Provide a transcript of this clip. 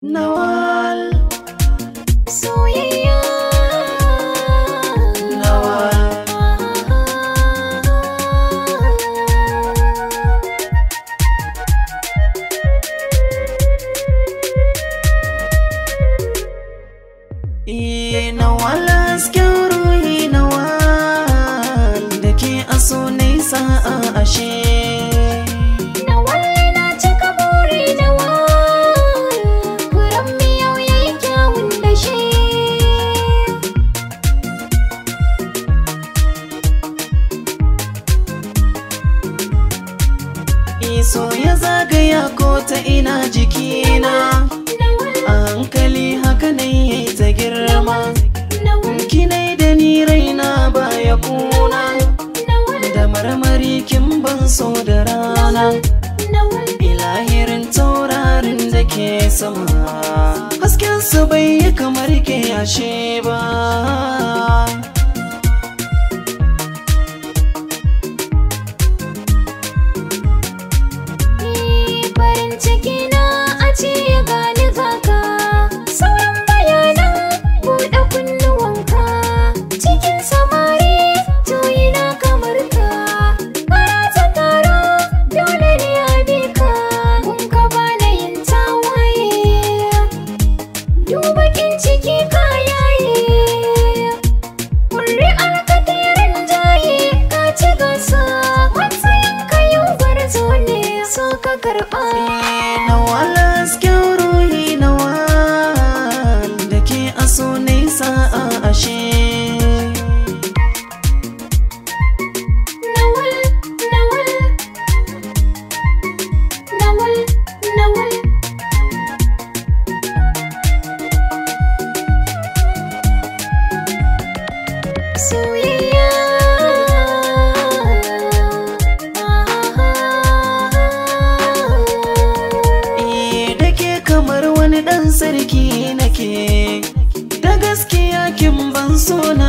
Nawal Soyayya Nawal Iye Nawal hasken ruhi e Nawal da ke aso nesa a so ya zagaya ko ta ina jikina a hankali haka ne ta girma kinai da ni raina ba ya kuna da marmari kin ban so da rana ilahirin taurarin da ke sama hasken su bai yi kamar ke yashe ba karɓa na walaskin da gaskiya kin ban so